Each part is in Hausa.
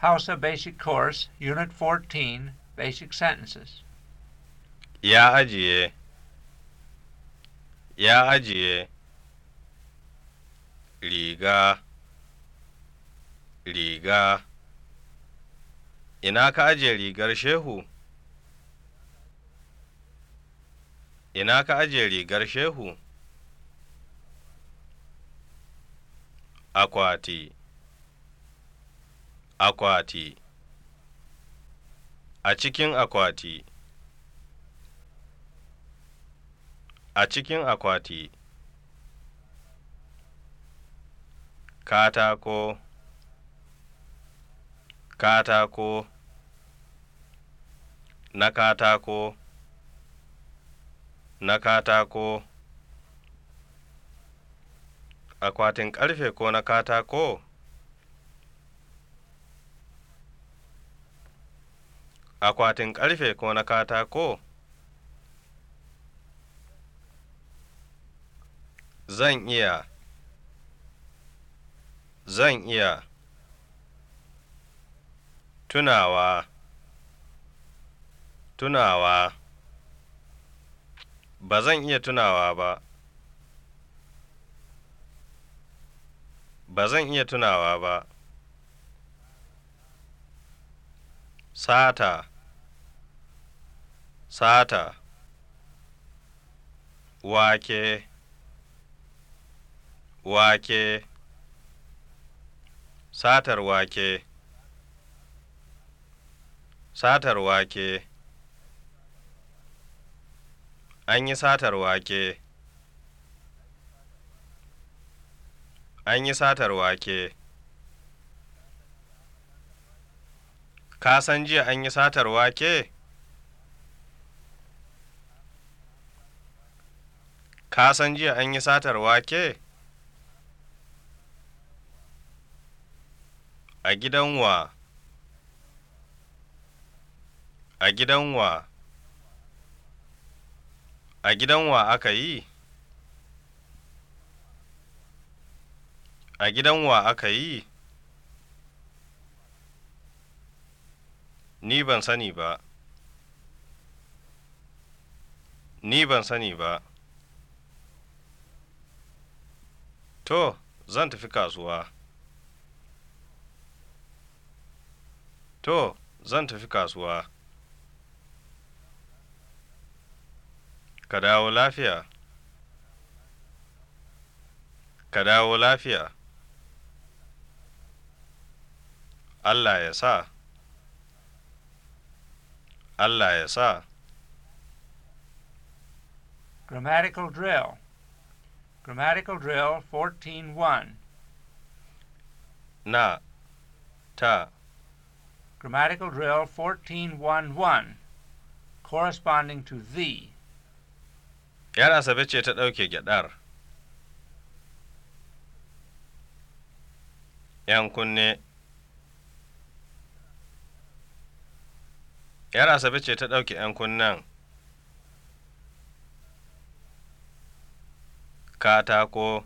Hausa Basic Course, Unit 14, Basic Sentences. Ya ajiye. Ya ajiye. Riga. Riga. Ina ka ajiye rigar Shehu? Ina ka ajiye rigar Shehu? Akwati. akwati a cikin akwati a cikin akwati katako katako na katako na katako akwatin ƙarfe ko na katako akwatin ƙarfe ko na katako zan iya zan iya tunawa tunawa ba zan iya tunawa ba ba zan iya tunawa ba sata sata wake wake satar wake satar wake an yi satar wake an yi satar wake ka san jiya an yi satar wake Ka san jiya an yi satar wake? A gidan wa? A gidan wa? A gidan wa aka yi? A gidan wa aka yi? Ni ban sani ba. Ni ban sani ba. To, zan tafi kasuwa. To, zan tafi kasuwa. Ka dawo lafiya. Ka dawo lafiya. Allah ya sa. Allah ya sa. Grammatical drill. Grammatical drill 14.1. Na. Ta. Grammatical drill 14.1.1. Corresponding to the. Yar Asabe ce ta ɗauke gyaɗar. ‘Yan kunne. Yar Asabe ce ta ɗauke ‘yan kunnen. katako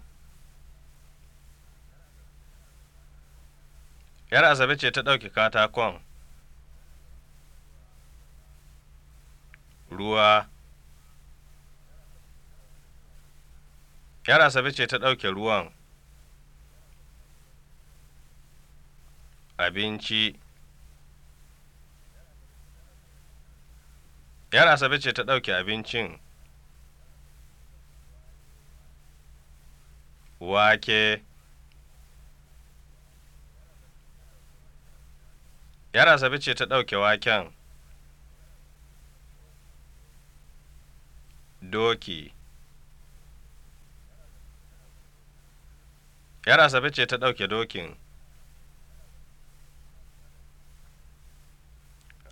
yar asabe ce ta ɗauke katakon ruwa yar asabe ce ta ɗauke ruwan abinci yar asabe ce ta ɗauke abincin wake yara sabi ce ta ɗauke waken doki yara sabi ce ta ɗauke dokin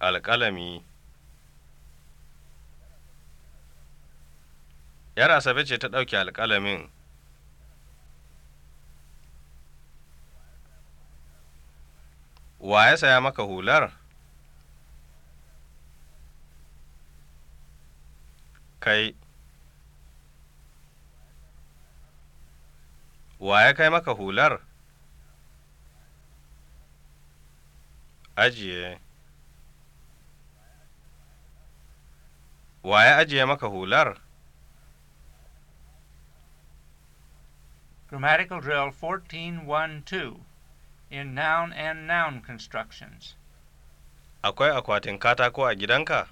alƙalami yara sabi ce ta ɗauke alƙalamin wa ya saya maka hular kai wa ya kai maka hular ajiye wa ya ajiye maka hular grammatical drill 14, 1, 2. in noun and noun constructions. Akwai akwatin katako a gidanka?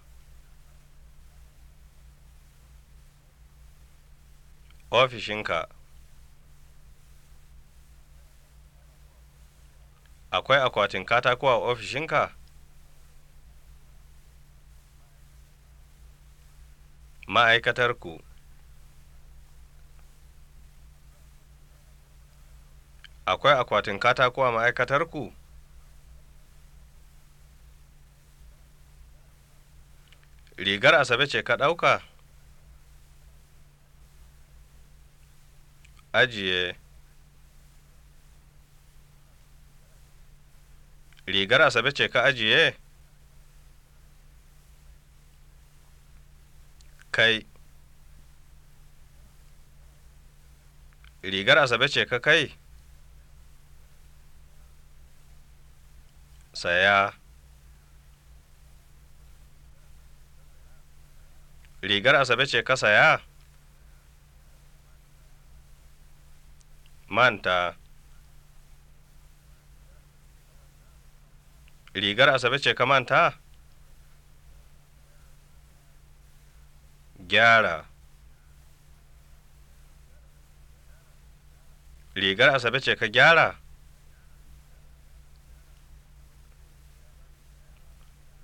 Ofishinka. Akwai akwatin katako a ofishinka? Ma'aikatarku. akwai akwatin katako a ma'aikatarku rigar asabe ce ka ɗauka ajiye rigar asabe ce ka ajiye kai rigar asabe ce ka kai saya rigar asabe ce ka saya manta rigar asabe ce ka manta gyara rigar asabe ce ka gyara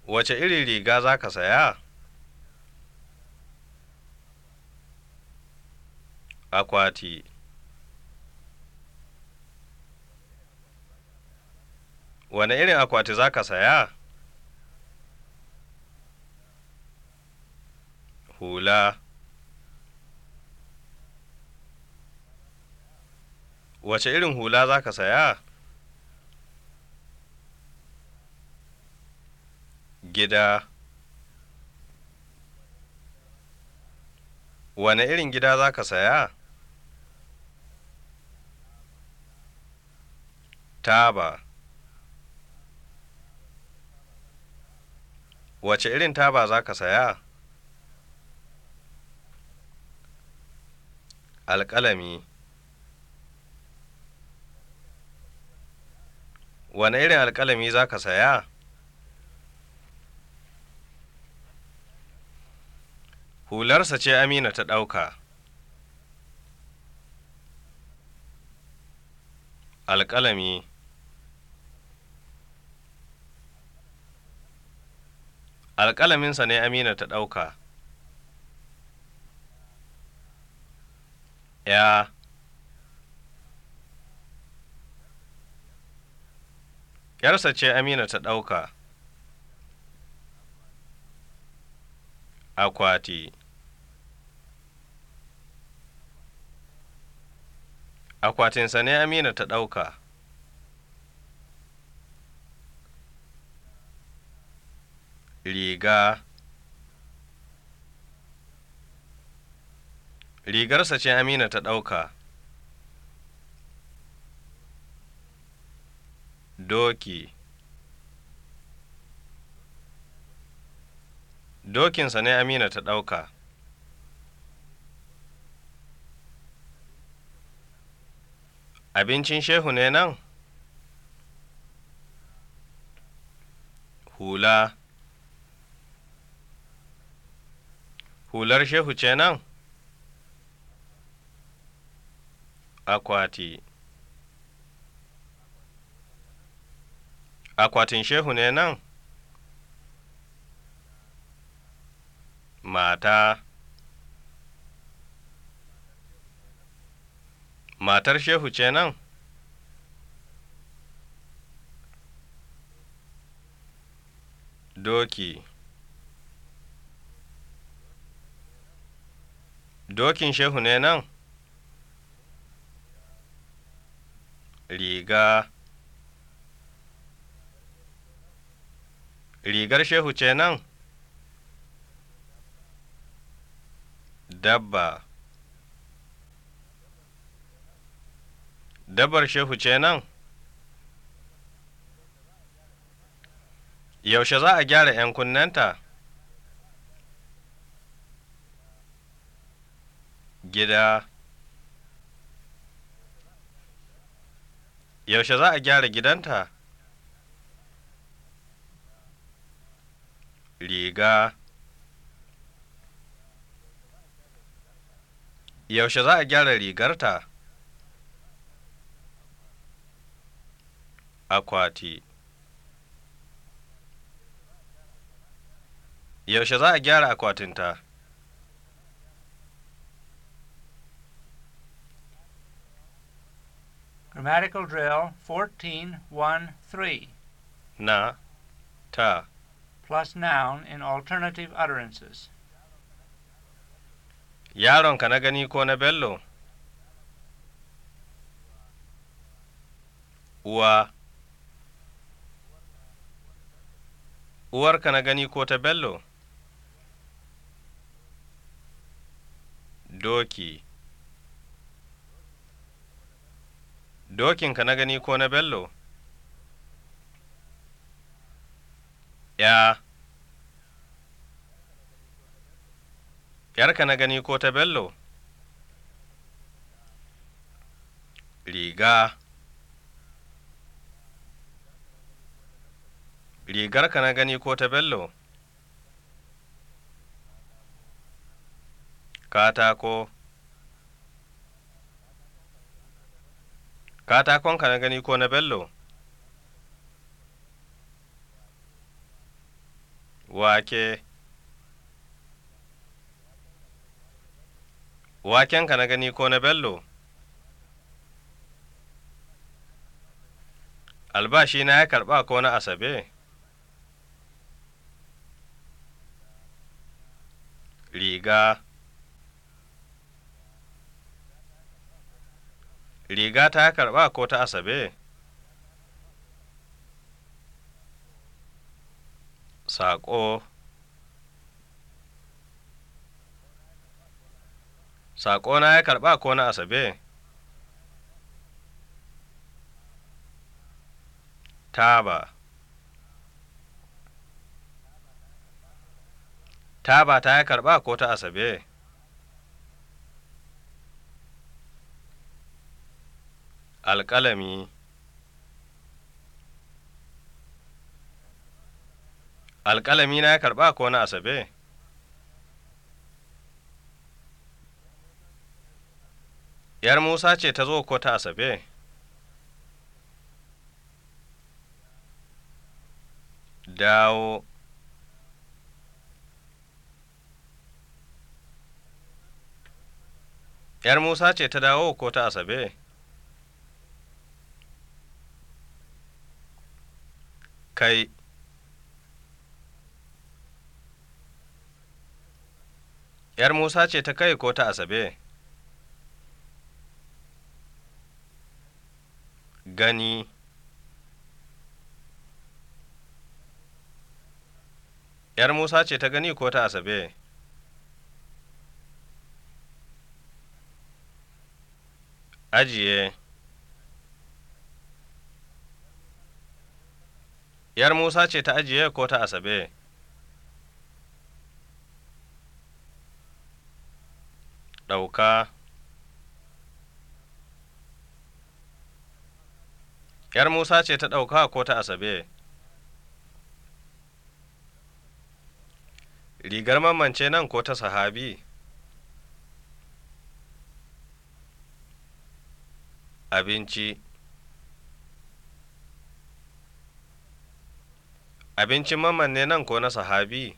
wace irin riga za ka saya akwati wane irin akwati za ka saya hula wace irin hula za ka saya gida wane irin gida za ka saya taba wace irin taba za ka saya alƙalami wane irin alƙalami za ka saya Hularsa ce Amina ta ɗauka. Alƙalami Alƙalaminsa ne Amina ta ɗauka. ‘Ya ‘Yarsa ce Amina ta ɗauka. Akwati akwatinsa ne amina ta ɗauka riga rigarsa ce amina ta ɗauka doki dokinsa ne amina ta ɗauka abincin shehu ne nan hula hular shehu ce nan akwati akwatin shehu ne nan mata matar shehu ce nan doki dokin shehu ne nan riga rigar shehu ce nan dabba dabar shehu ce nan yaushe za a gyara 'yan kunnenta gida yaushe za a gyara gidanta riga yaushe za a gyara rigarta akwati yaushe za a gyara akwatinta Grammatical drill one three. Na, ta plus noun in alternative utterances. Yaronka na gani ko na bello? Uwa uwarka na gani ko ta bello doki dokinka na gani ko na bello ya yarka na gani ko ta bello riga rigarka na gani ko ta bello katako katakonka na gani ko na bello wake wakenka na gani ko na bello albashi na ya karɓa ko na asabe riga riga ta karɓa ko ta asabe saƙo saƙo na ya karɓa ko na asabe taba ta ba ta ya karɓa ko ta asabe alƙalami alƙalami na ya karɓa ko na asabe yar musa ce ta zo ko ta asabe dawo ‘yar Musa ce ta dawo ko ta Asabe? Kai ‘yar Musa ce ta kai ko ta Asabe? Gani ‘yar Musa ce ta gani ko ta Asabe? Ajiye. ‘Yar Musa ce ta ajiye ko ta Asabe? Ɗauka. ‘Yar Musa ce ta ɗauka ko ta Asabe? Rigar mamance nan ko ta sahabi? abinci abincin mamman ne nan ko na sahabi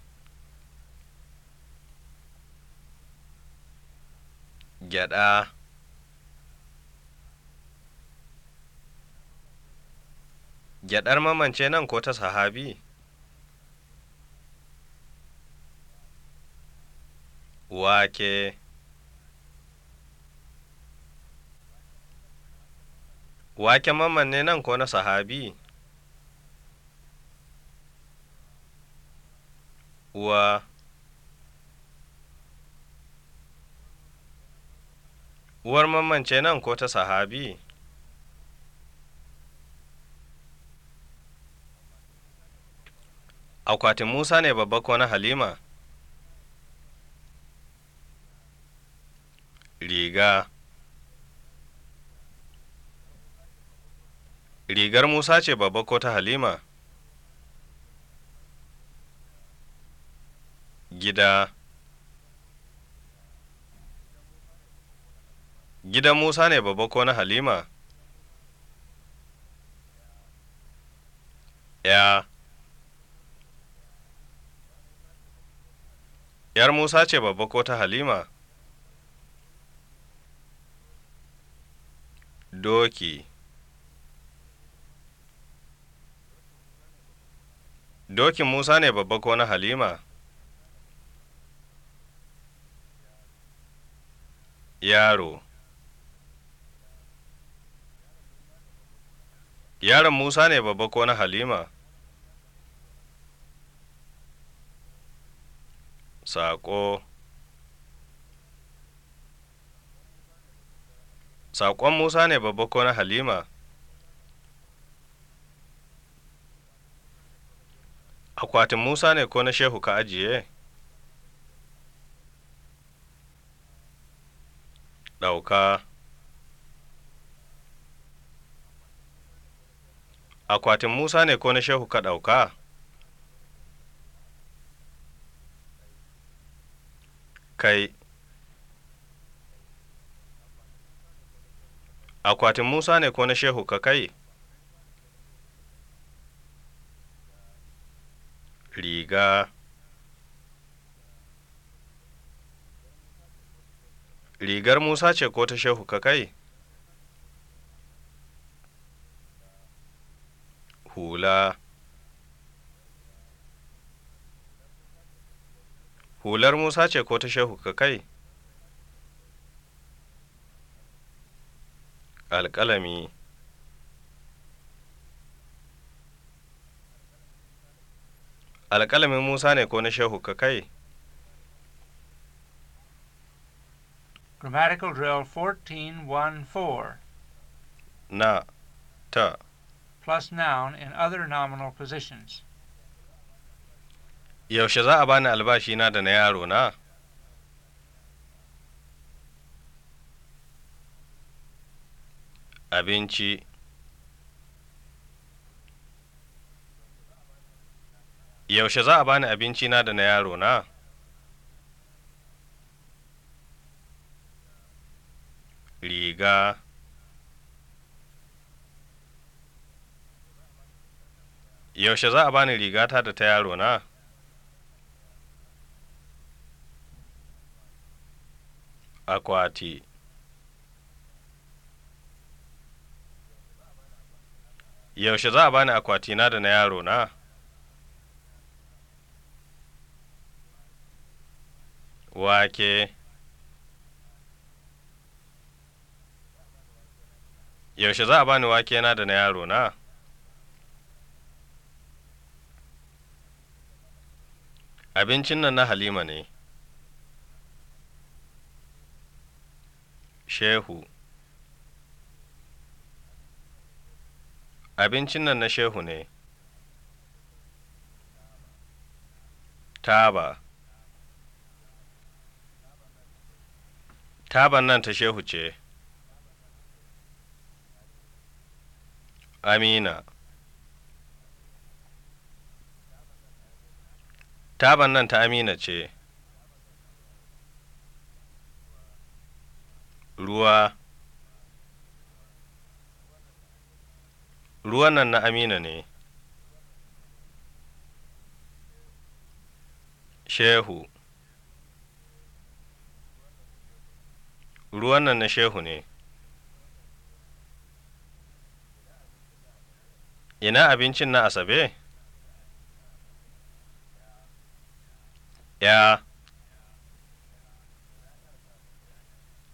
gyada gyadar mamance nan ko ta sahabi wake Wake mamman ne nan ko na sahabi? Uwa Uwar mamman ce nan ko ta sahabi? Akwatin Musa ne babba ko na Halima? Riga rigar musa ce babba ko ta halima gida gidan musa ne babba ko na halima ya yar musa ce babba ko ta halima doki Dokin Musa ne babba ko na Halima? Yaro Yaron Musa ne babba ko na Halima? Saƙo Saƙon Musa ne babba ko na Halima? Akwatin Musa ne ko na Shehu ka ajiye? Ɗauka Akwatin Musa ne ko na Shehu ka ɗauka? Kai Akwatin Musa ne ko na Shehu ka kai? riga rigar musa ce ko ta shehu ka kai hula hular musa ce ko ta shehu ka kai alƙalami alƙalamin musa ne ko na shehu ka kai grammatical drill 14.1.4 na ta plus noun in other nominal positions yaushe za a bani albashi na da na yaro na abinci yaushe za a bani abinci na da na yaro na riga yaushe za a bani rigata da ta yaro na akwati yaushe za a bani akwati na da na yaro na wake yaushe za a bani wake na da na yaro na abincin nan na halima ne shehu abincin nan na shehu ne taba taban nan ta shehu ce amina taban nan ta amina ce ruwa ruwan nan na amina ne shehu ruwan nan na shehu ne ina abincin na asabe ya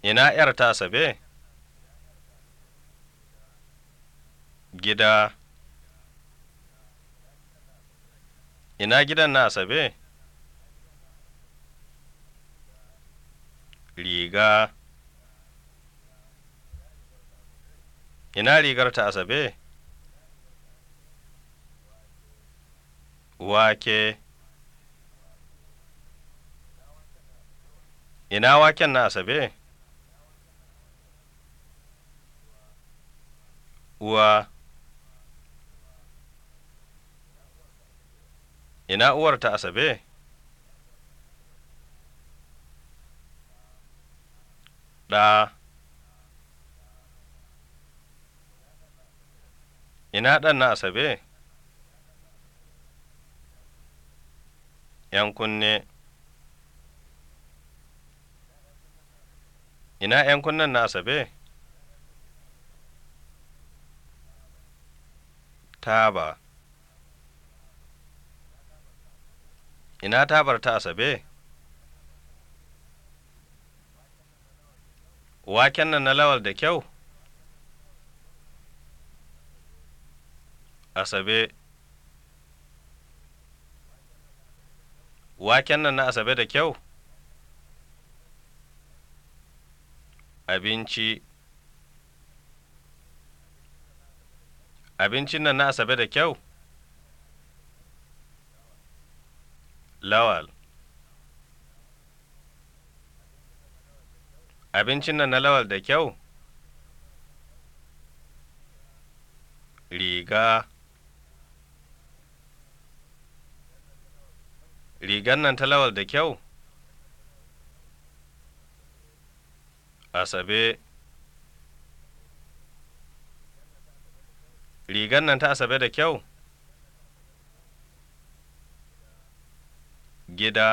ina ‘yar ta asabe gida ina gidan na asabe riga ina rigar ta asabe wake ina waken na asabe uwa ina uwar ta asabe uh. ina ɗan na asabe ‘yan kunne ina ‘yan kunnen na asabe taba ina tabar ta asabe waken nan na lawal da kyau asabe waken nan na asabe da kyau abinci abincin nan na asabe da kyau lawal abincin nan na lawal da kyau riga rigar nan ta lawal da kyau asabe rigar nan ta asabe da kyau gida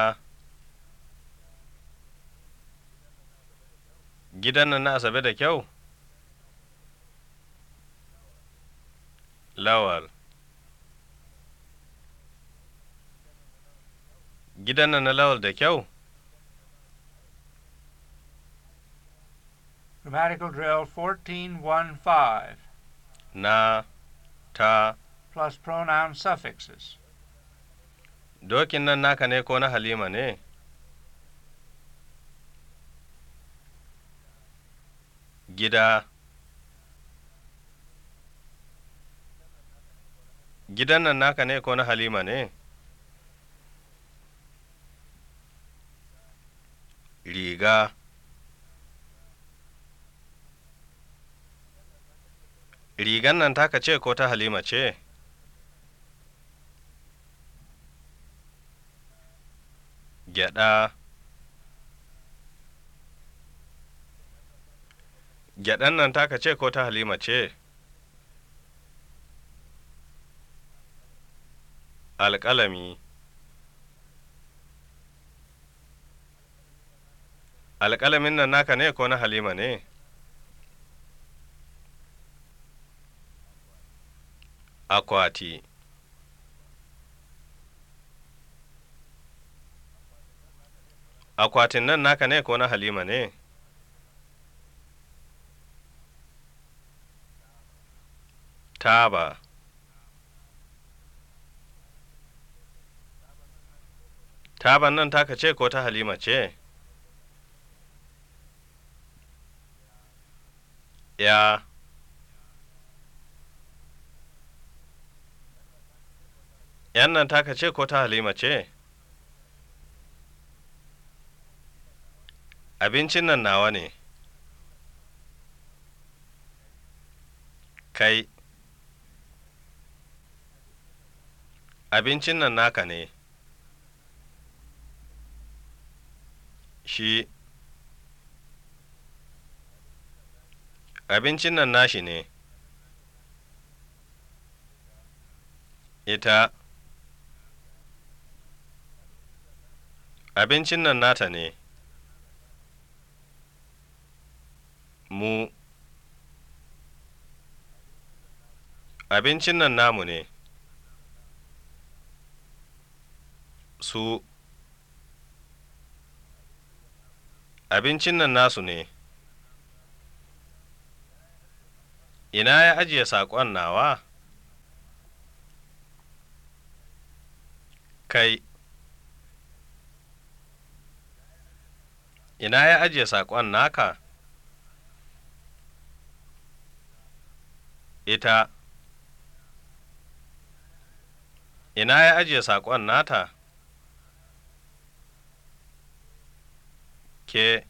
gidan nan na asabe da kyau lawal Giden öldük yahu. Grammatical drill 14.1.5. Na, ta. Plus pronoun suffixes. Dokin nan naka ne ko na Halima ne? Gida. Gidan nan naka ne ko na Halima ne? riga rigan nan taka ce ko ta halima ce gyada gyadan nan taka ce ko ta halima ce alƙalami alƙalamin nan naka ne ko na halima ne akwati akwatin nan naka ne ko na halima ne taba taban nan taka ce ko ta halima ce Ja. ‘Yan nan taka ce ko ta Halima ce? Abincin nan nawa ne. Kai. Abincin nan naka ne. Shi. abincin nan nashi ne ita abincin nan nata ne mu abincin nan namu ne su abincin nan nasu ne ina ya ajiye saƙon nawa kai ina ya ajiye saƙon naka ita ina ya ajiye saƙon nata ke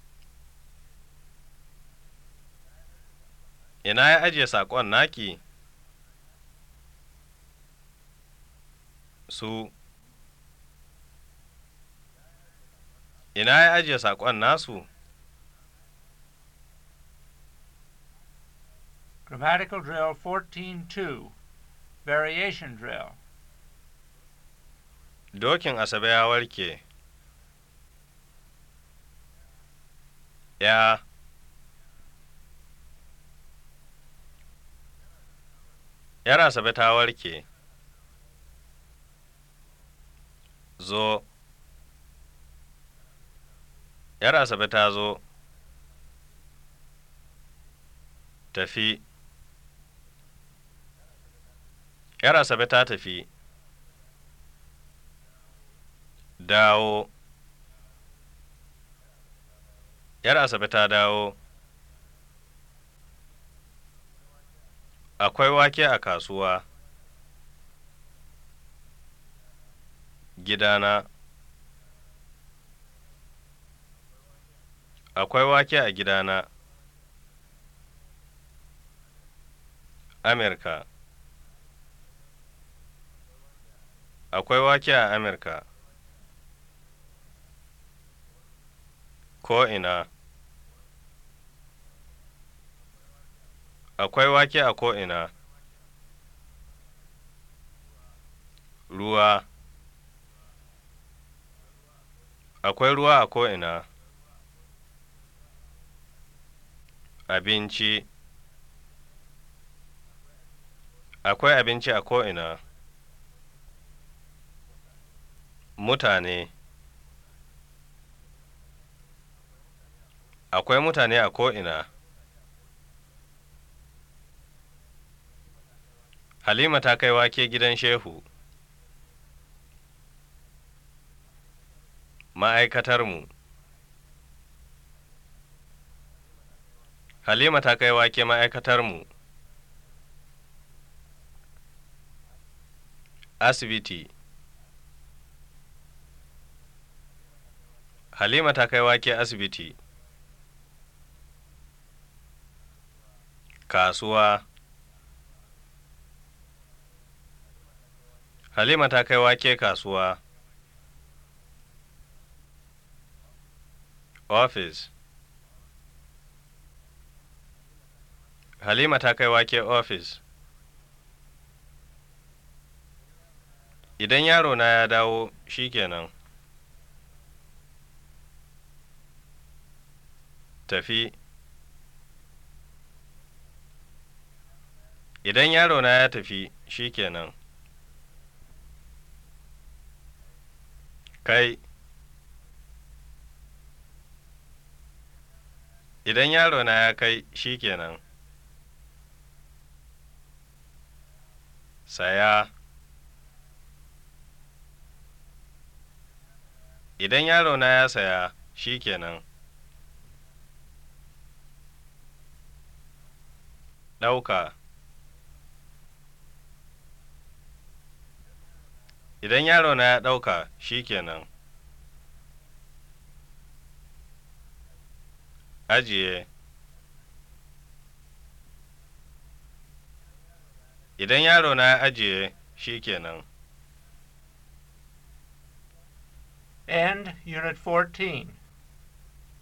Ina ya ajiye saƙon naki? Su Ina ya ajiye saƙon nasu? Grammatical Drill 14-2 Variation Drill Dokin Asabe ya warke. Ya yeah. yar asabe ta warke zo yar asabe ta zo tafi yar asabe ta tafi dawo yar asabe ta dawo Akwai wake a kasuwa. Gidana. Akwai wake a gidana. Amurka. Akwai wake a Amurka. ina. akwai wake a ko'ina, ruwa, akwai ruwa a ko'ina, abinci, akwai abinci a ko'ina, mutane, akwai mutane a ko'ina. Halima ta kai wake gidan Shehu. Ma'aikatarmu Halima ta kai wake ma'aikatarmu. Asibiti Halima ta kai wake asibiti. Kasuwa Halima ta kai wake kasuwa. Office Halima ta kai wake office. Idan yaro na ya dawo, shi kenan. Tafi Idan yaro na ya tafi, shi kenan. kai idan yaro na ya kai shi kenan saya idan yaro na ya saya shi kenan ɗauka idan yaro na ya ɗauka shi kenan ajiye idan yaro na ya ajiye shi kenan and unit 14